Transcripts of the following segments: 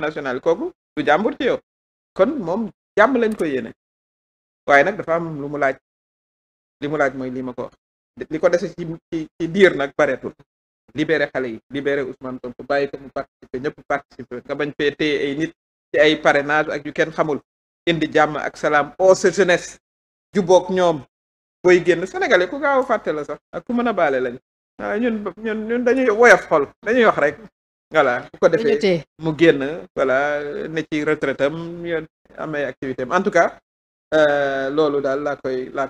national kooku du jàmbur ci kon moom jàmm lañ ko yéene waaye nag dafa am lu mu laaj li mu laaj mooy lii ma ko wax li ko dese ci ci diir nag bareetul libéré xale yi libéré Ousmane Sonko bàyyi ko mu participer ñëpp participer nga bañ fee téye nit ay parrainage ak yu kenn xamul indi jàmm ak salaam au sa jeunesse jubboog ñoom booy génn sénégalais ku gaaw a fàtte la sax ak ku mën a baale lañ ñun ñun dañuy woyof xol dañuy wax rek voilà ku ko defee mu génn voilà ne ci retraite am yoon amay activité en tout cas euh, loolu daal laa koy laa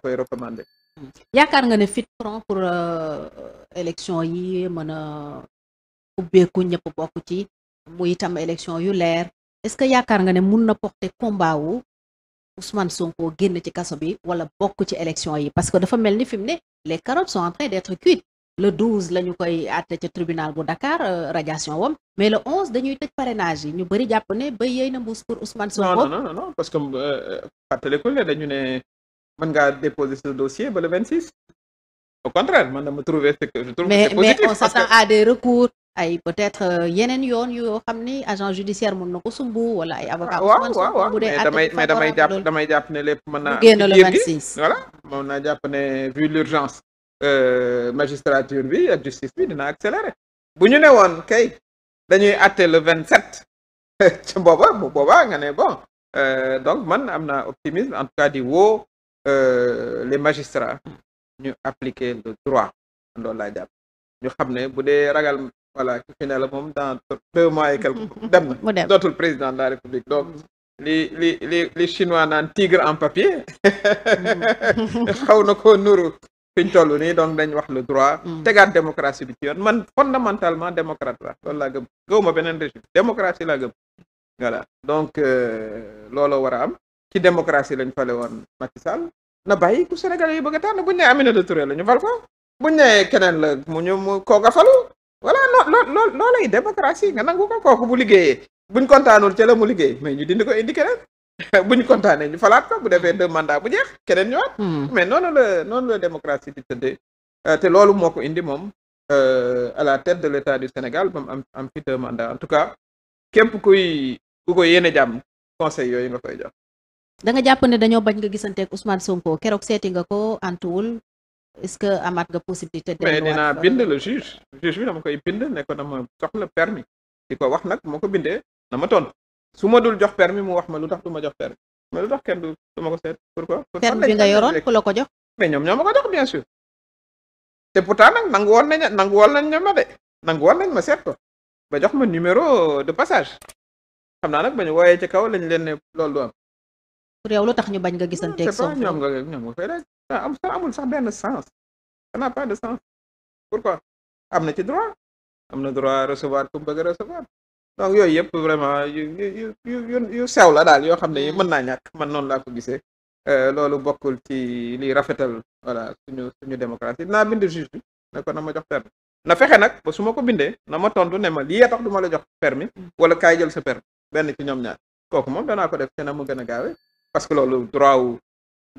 yaakaar nga ne fit front pour euh, élection yi mën a ubbeeku ñëpp bokk ci mu itam élection yu leer est-ce que yaakaar nga ne mun na porter combat wu Ousmane Sonko génn ci kaso bi wala bokk ci élection yi parce que dafa mel ni fi mu ne les carottes sont d'être cuites le 12 la ñu koy àtte ca tribunal bu Dakar euh, radiation wam mais le 11 dañuy tëj parrainage yi ñu bëri jàpp ne ba yey na mbuus pour Ousmane Sonko. non non non parce que euh, fàttali ko dañu ne mën ngaa déposer ce dossier ba le 26. au contraire man dama trouvé que je trouve mais mais on ay peut-être euh, yeneen yoon yoo xam ni agent judiciaire mën na ko sumb wala ay avocat ah, waaw waaw bu dee damay mais damay jàpp damay jàpp ne lépp mën naa génn le 26 voilà mën naa jàpp ne vu l'urgence Euh, magistrature bi ak justice bi dina accéléré bu ñu ne woon kay dañuy àtte le vingt sept ci booba bu booba nga ne bon euh, donc man am na optimisme en tout cas di woo euh, les magistrats ñu appliquer le droit loolu laa jàpp ñu xam ne bu dee ragal voilà fi la moom dans deux mois et quelques dem na dootul président de la république donc li li li li chinois naan tigre en papier mm. xaw na ko nuru fi ñu toll nii donc dañ wax le droit mm. tegaat démocratie bi ci yoon man fondamentalement démocrate la loolu laa gëm gëwuma beneen régime démocratie laa donc euh, looloo war a am ci démocratie lañ fale woon Macky Sall na bàyyi ku Sénégalais yi bëgg a tànn buñ ne Aminata Touré la ñu fal ko buñ ne keneen la mu ñu mu koo nga falu voilà loo loo loolay démocratie nga nangu ko kooku bu liggéeyee buñ kontaanul ca la mu liggéey mais ñu dindi ko indi keneen bu ñu kontaanee ñu falaat ko bu defee deux mandats bu jeex keneen ñëwaat. Hmm. mais noonu la noonu la démocratie di tëddee euh, te loolu moo ko indi moom euh, à la tête de l'état du Sénégal ba am am fi deux en tout cas képp kuy ku ko yéene jàmm conseil yooyu nga koy jox. da nga jàpp ne dañoo bañ nga gisanteeg Ousmane Sonko keroog seeti nga ko antuwul est-ce que amaat nga possibilité. mais dinaa bind le juge juge bi dama koy bind ne ko dama soxla permis di ko wax nag moo ko bindee na ma tontu. su ma dul jox permis mu wax ma lu tax du ma jox permis mais lu tax kenn du du ma ko seet pour permis bi nga yoroon ku la ko jox. mais ñoom ñoo ma ko jox bien sûr te pourtant nag nangu woon nañ nangu woon nañ ma de nangu woon seet ko ba jox ma numéro de passage xam naa nag ba ñu wooyee ci kaw lañ leen ne loolu du am. pour yow lu tax ñu bañ nga gisanteeg Sonko ñoom nga ñoom nga fay sax amul sax benn sens ça n'a pas am na ci droit am na droit recevoir ku mu recevoir. donc yooyu yëpp vraiment yu yu yu yu sew la daal yoo xam ne hmm. mën naa ñàkk man noonu laa ko gisee euh, loolu bokkul ci liy rafetal voilà suñu suñu démocratie naa bind juge bi ne ko na ma jox permis na fexe nag ba su ma ko bindee na ma tontu ne ma lii tax du ma la jox permis hmm. wala kaay jël sa permis benn ci ñoom ñaar kooku moom danaa ko def te na mu gën a gaawe parce que loolu droit wu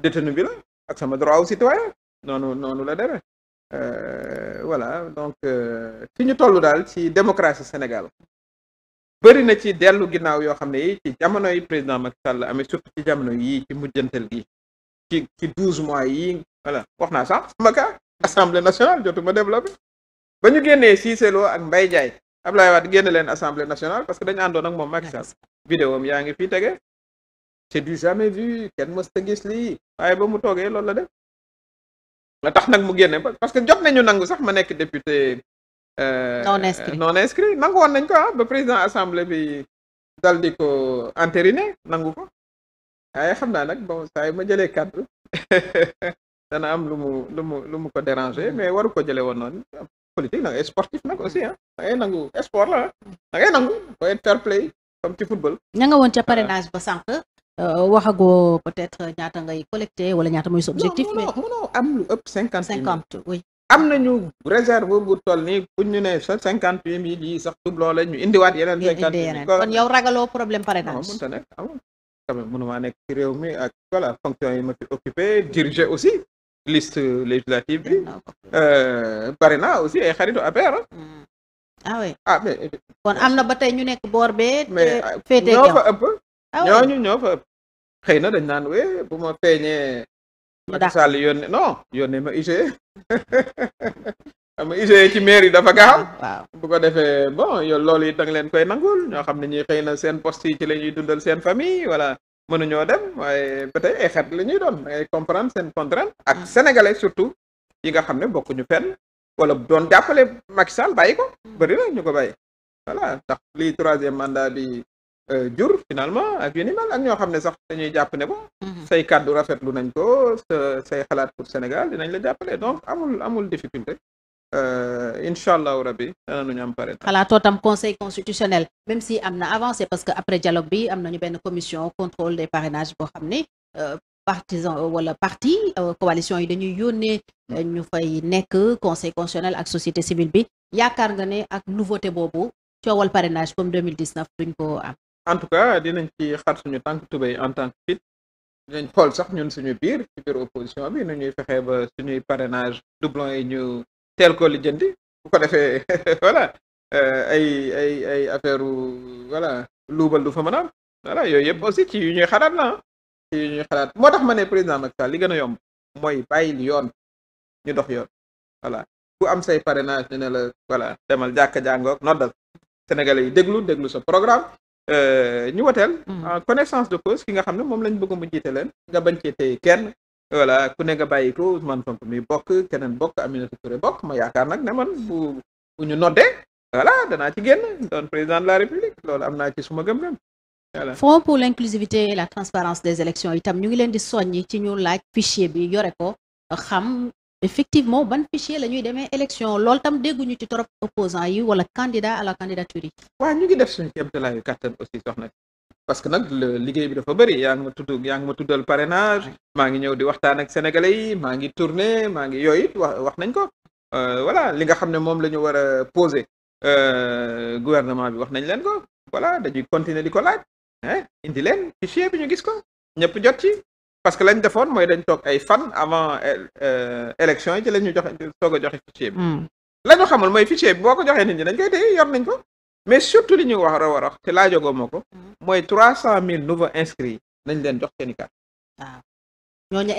détenu bi la ak sama droit wu citoyen noonu noonu la demee euh, voilà donc ci euh, ñu toll daal ci démocratie Sénégal bëri na ci dellu ginnaaw yoo xam ne yi ci jamono yi président Macky Sall amee surtout ci jamono yii ci mujjantal gi ci ci douze mois yii voilà wax naa sax sama ka assemblée nationale jotuma développé ba ñu génnee Cissé Lo ak Mbaye Ndiaye Abdoulaye Wade génne leen assemblée nationale parce que dañu àndoon ak moom Macky Sall vidéo yaa ngi fii tege c'est du jamais vu kenn mës ta gis lii waaye ba mu toogee loolu la def tax nag mu génne parce que jot nañu nangu sax ma nekk député Euh, non inscrit non inscrit nangu nañ ko ah ba président assemblée bi dal di ko entériné nangu ko waaye xam naa nag bon saa yi ma jëlee kàddu dana am lu mu lu mu lu mu ko déranger mais waru ko jëlee woon noonu politique nag sportif nag aussi ah da ngay nangu sport la ah da nangu koy fair comme ci football. ña nga woon ca ah. parrainage ba sànq. Euh, waxagoo peut-être ñaata ngay collecté wala ñaata mooy sa objectif. mais non am lu ëpp cinquante. cinquante am nañu réserve bu toll nii bu ñu ne sa cinquante huit mille yi sax doublon la ñu indiwaat yeneen. cinquante mille kon yow problème parrainage. mënut a nekk amul tamit mënuma nekk ci réew mi ak voilà fonction yi ma fi occupé diriger aussi liste législative bi. Euh, bari naa aussi ay xaritu APR. Ah. Mm. ah oui ah, eh, kon am na ba tey ñu nekk boor bee. mais ah, ñoo fa ëpp. ñooñu ñoo fa xëy na dañ naan wee bu ma feeñee. Macky Sall yónnee non yónnee ma IGE. xam nga UG ci maire yi dafa gaaw. waaw bu ko defee bon yow loolu it da nga leen koy nangul ñoo xam ne ñi xëy na seen post yi ci la ñuy dundal seen famille voilà mënuñoo dem waaye peut être ay xeet la ñuy doon da comprendre seen contrainte ak mm. sénégalais surtout yi nga xam ne bokkuñu fenn wala doon jàppale Macky Sall ko mm. bëri na ñu ko bàyyi voilà ndax lii troisième mandat bi. Euh, jur finalement ak yu ni mel ak ñoo xam ne sax dañuy jàpp ne bon mhm. say kàddu rafetlu nañ ko say xalaat pour Sénégal dinañ la jàppale donc amul amul difficulté euh, incha allahu rabi danañu am pare. xalaatoo tam conseil constitutionnel même si am na avancé parce que après dialogue bi am nañu benn commission contrôle des parrainages boo xam ne euh, partisan wala parti coalition yi dañuy yónnee ñu fay nekk conseil constitutionnel ak société civile bi yaakaar nga ne ak nouveauté boobu coowal parrainage comme 2019 duñ ko am. en tout cas dinañ ci xar suñu tànk tubéy en tant que fit dinañ xool sax ñun suñu biir ci biir bi nu ñuy fexee ba suñuy parrainage doublon yi ñu teel ko lijjanti bu ko defee voilà euh, ay ay ay affaire voilà luubal lu fa mën a am yooyu yëpp aussi ci yu ñuy xalaat la ah. ci yu ñuy xalaat moo tax ma ne président Macky Sall li gën a yomb mooy bàyyil yoon ñu dox yoon voilà ku am say parrainage ñu ne la voilà demal jàkka jàngoog noddal Sénégalais yi déglu déglu sa programme Euh, ñu woteel mm. en connaissance de cause ki nga xam ne moom lañ bëgg mu jiite leen nga bañ cee tey kenn voilà ku ne nga bàyyi ko Ousmane Sonko mi bokk keneen bokk Aminata Touré bokk ma yaakaar nag ne man bu bu ñu noddee voilà danaa ci doon président la loolu am naa ci suma gëm-gëm voilà. Front pour l'inclusivité et la transparence des élections itam ñu ngi leen di soññi ci ñu laaj fichier bi yore ko xam effectivement ban fichier la ñuy demee élection lool tam dégguñu ci torop opposant yi wala candidat à la candidature yi waaw ñu ngi def suñu kéemtalaayu kàttan aussi soxna parce que nag liggéey bi dafa bëri yaa ngi ma tudd yaa ngi ma tuddal parrainage maa ngi ñëw di waxtaan ak sénégalais yi maa ngi tourner maa ngi yooyu wax wax nañ ko euh, voilà li nga xam ne moom la ñu war a poser euh, gouvernement bi wax nañ leen ko voilà dañuy continuer di ko laaj indi leen fichier bi ñu gis ko ñëpp jot ci parce que lañ defoon mooy dañ toog ay fan avant euh, élection yi ci la ñu joxe soog a joxe fichier bi. Hmm. la ñu xamul mooy fichier bi boo ko joxee nit ñi koy téye yor nañ ko mais surtout li ñu wax raw a te laajogoo ma ko. Hmm. mooy trois cent mille nouveaux inscrits nañ leen jox seen i carte. waaw ah. ñooñu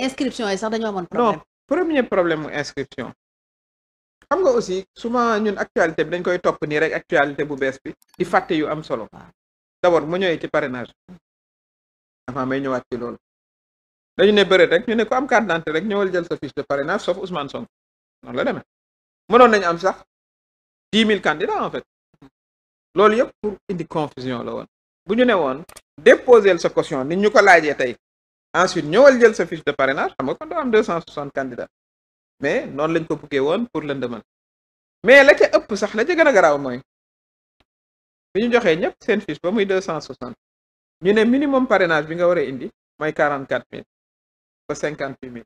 sax dañoo amoon problème. non premier problème mu inscription. xam nga aussi souvent ñun actualité bi dañ koy topp nii rek actualité bu bees bi i fàtte yu am solo. d' abord mu ñëwee ci parrainage. avant may ñëwaat ci loolu. lañu ne bëreet rek ñu ne ko am carte d'identité rek ñëwal jël sa fiche de parrainage sauf Ousmane Sonko noonu la demee mënoon nañu am sax dix mille candidats en fait loolu yëpp pour indi confusion la woon bu ñu ne woon déposer sa caution ni ñu ko laajee tey ensuite ñëwal jël sa fiche de parrainage xam nga kon doo am deux cent soixante mais noonu lañ ko buggee woon pour lëndëmal mais la ca ëpp sax la ca na a mooy bi ñu joxee ñëpp seen fiche ba muy deux cent soixante ñu ne minimum parrainage bi nga war indi mooy quarante quatre mille ba cinquante huit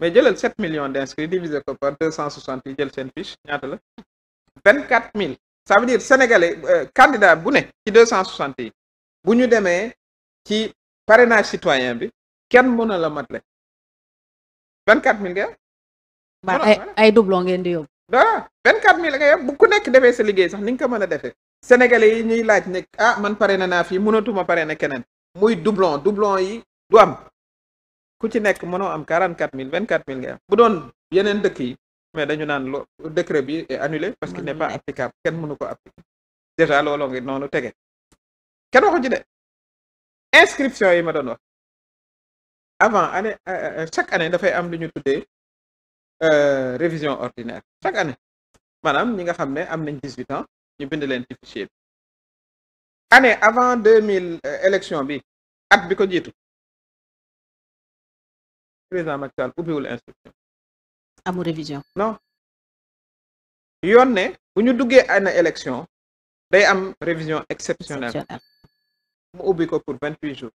mais jëlal sept million d' inscrits divisé ko par deux cent soixante yi jël seen fiche ñaata la vingt quatre mille ça veut dire sénégalais euh, candidat bu ne ci deux cent soixante yi bu ñu demee ci parrainage citoyen bi kenn mën a la matale vingt quatre mille nga ba ay ay doublon ngeen di yóbbu voilà vingt quatre mille nga yóbbu bu ku nekk defee sa liggéey sax ni nga ko mën a defee sénégalais yi ñuy laaj ne ah man parrainé naa fii mënatuma parrainé keneen muy doublon doublon yi du am ku ci nekk mënoo am quarante quatre mille vingt quatre mille ngay am bu doon yeneen dëkk yi mais dañu naan lo décret bi est annulé parce que n'est pas applicable kenn mënu ko appliquer déjà looloo ngi noonu tege kenn waxu ci de inscription yi ma doon wax avant année euh, euh, euh, chaque année dafay am lu ñu tuddee révision ordinaire chaque année maanaam ñi nga xam ne am nañ dix huit ans ñu bind leen ci bi année avant deux mille élection bi at bi ko jiitu président Macky Sall ubbiwul instruction. amul révision. non yoon ne bu ñu duggee ana élection day am révision exceptionnelle mu ubbi ko pour vingt huit jours.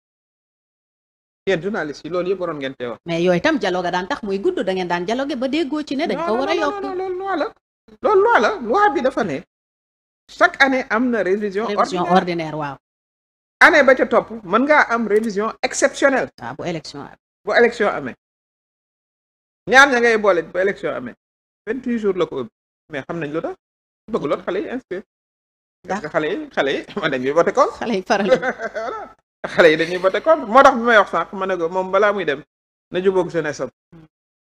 yéen journaliste yi loolu yëpp waroon ngeen teewa. mais yooyu itam dialogue daan tax muy gudd da ngeen daan dialogue ba déggoo ci ne. dañ ko war a yokk non loolu loi la. bi dafa ne chaque année am na révision. révision ordinaire waaw. année ba ca topp mën ngaa am révision exceptionnelle. waaw ah, bu élection amee ñaar ña ngay boole ba élection amee vingt huit jours la ko mais xam nañ lu tax bëgg lool xale yi inscrire xale yi xale yi man dañuy voté contre xale yi faral voilà xale yi dañuy voté contre moo tax bi may wax ma ne ko moom muy dem na jubóog jeunesse am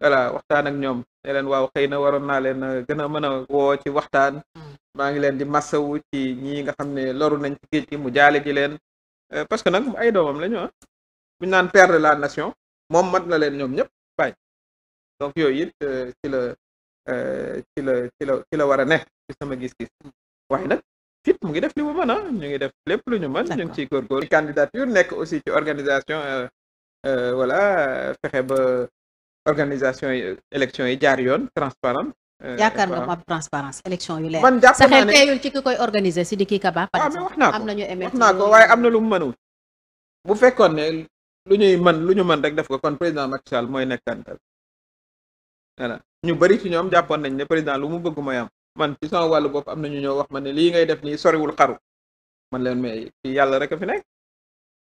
voilà waxtaan ak ñoom ne leen waaw xëy na waroon naa leen euh, gën a mën a ci waxtaan hmm. maa ngi leen di massawu ci ñii nga xam ne loru nañ ci géej gi mu jaale leen euh, parce que nag ay doomam la ñu ah naan père de la nation moom mat na leen ñoom ñëpp donc yooyu it euh, ci la euh, ci la ci la ci la war a ne ci sama gis-gis waaye nag fit mu ngi def li mu mën a ah, ñu ngi def lépp lu ñu man ñu ngi ciy góorgóor ci candidature nekk aussi ci organisation euh, voilà fexe ba organisation yi élection yi jaar yoon transparent yaakaar nga ma transparence élection yu leer man jàpp naa ne sa xel teeyul ci ki koy organiser Sidiki Kaba par ah, exemple wax am nañu wax naa waaye am na lu mu mënul bu fekkoon ne lu ñuy mën lu ñu mën rek def ko kon président Macky Sall mooy nekk voilà ñu bëri fi ñoom jàppoon nañ ne président lu mu bëgg mooy am man ci sama wàllu bopp am na ñu ñëw wax ma ne lii ngay def nii soriwul xaru man leen mais yàlla rek a fi nekk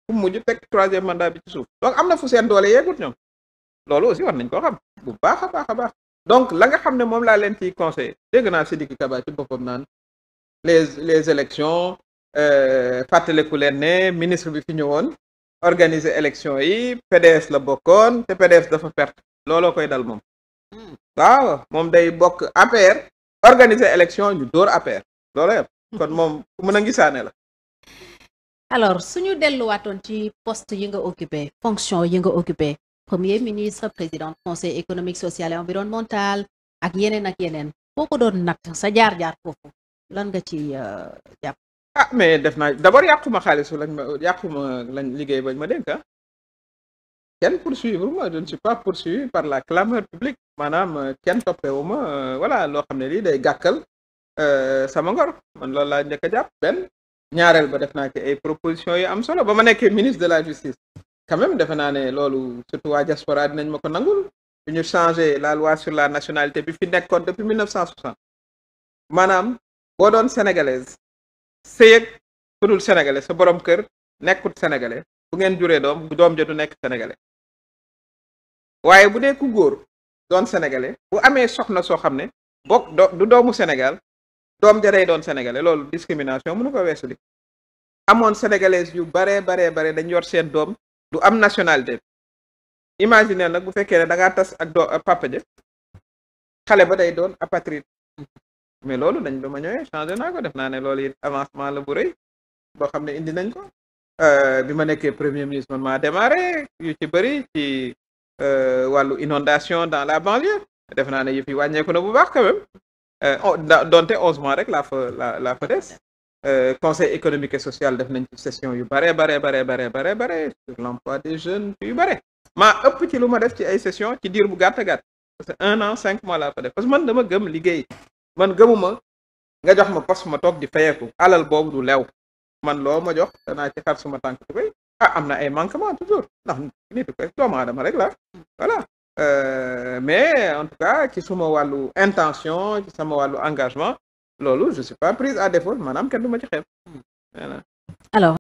fu mujj teg troisième mandat bi ci suuf donc am na fu seen doole yeegut ñoom loolu aussi war nañ ko xam bu baax a baax a baax donc la nga xam ne moom laa leen ciy conseillé dégg naa Sidiki Kaba ci boppam naan les les élections euh, fàttaliku leen ne ministre bi fi ñëwoon organiser élection yi PDS la bokkoon te dafa perte looloo koy dal moom waaw moom day bokk APR organiser élection ñu door APR loolu yëpp kon moom mën a gisaane la alors suñu delluwaatoon ci poste yi nga occupé fonction yi nga occupé premier ministre président conseil économique social et environnemental ak yeneen ak yeneen boo ko doon natt sa jaar-jaar foofu lan nga ci euh, jàpp ah mais def naa d'abord yàquma xaalisu lañ yàquma lañ liggéey bañ ma dénk ah. kenn poursuivre ma je ne suis pas poursuivi par la clameur publique maanaam euh, kenn toppewu ma euh, voilà loo xam ne lii day gàkkal euh, sama ngor man loolu laa njëkk a benn ñaareel ba def naa ci ay propositions yu am solo ba ma nekke ministre de la justice quand même defe naa ne loolu surtout waa diaspora dinañ ma ko nangul bu ñu changé la loi sur la nationalité bi fi nekkoon depuis 1960 maanaam boo doon sénégalaise sëyëg ku dul sénégalais sa borom kër nekkut sénégalais bu ngeen juree doom doom ja du nekk sénégalais waaye bu dee ku góor doon sénégalais bu amee soxna soo xam ne bokk do doomu Sénégal doom jarey doon sénégalais loolu discrimination mënu ko weesu amoon sénégalaises yu baree baree bare dañ yor seen doom du am nationalité imaginer nag bu fekkee ne da ngaa tas ak doo papa ja xale ba day doon apatride mais loolu dañ doom a ñëwee changé naa def naa ne loolu it avancement la bu boo xam ne indi nañ ko euh, bi ma nekkee premier ministre man maa démarré ci bëri ci Euh, wàllu inondation dans la banlieue def naa ne yëf yi wàññeeku na bu baax quand même euh, donte onze mois rek la fa la laa fa euh, conseil économique et social def nañ ci session yu bare bare bare bare bare bare sur des jeunes yu bare maa ëpp ci lu ma def ci ay session ci diir bu gàtt gàtt parce que un an cinq mois laa fa def parce man dama gëm liggéey man gëmuma nga jox ma poste ma toog di fayeeku alal boobu du leew man loo ma jox danaa ci xar suma tànk tubéy ah am na ay manquement toujours ndax nit ko doomu aadama rek la voilà euh, mais en tout cas ci suma wàllu intention ci sama wàllu engagement loolu je suis pas prise à défaut maanaam kenn du ma ci xeeb voilà alors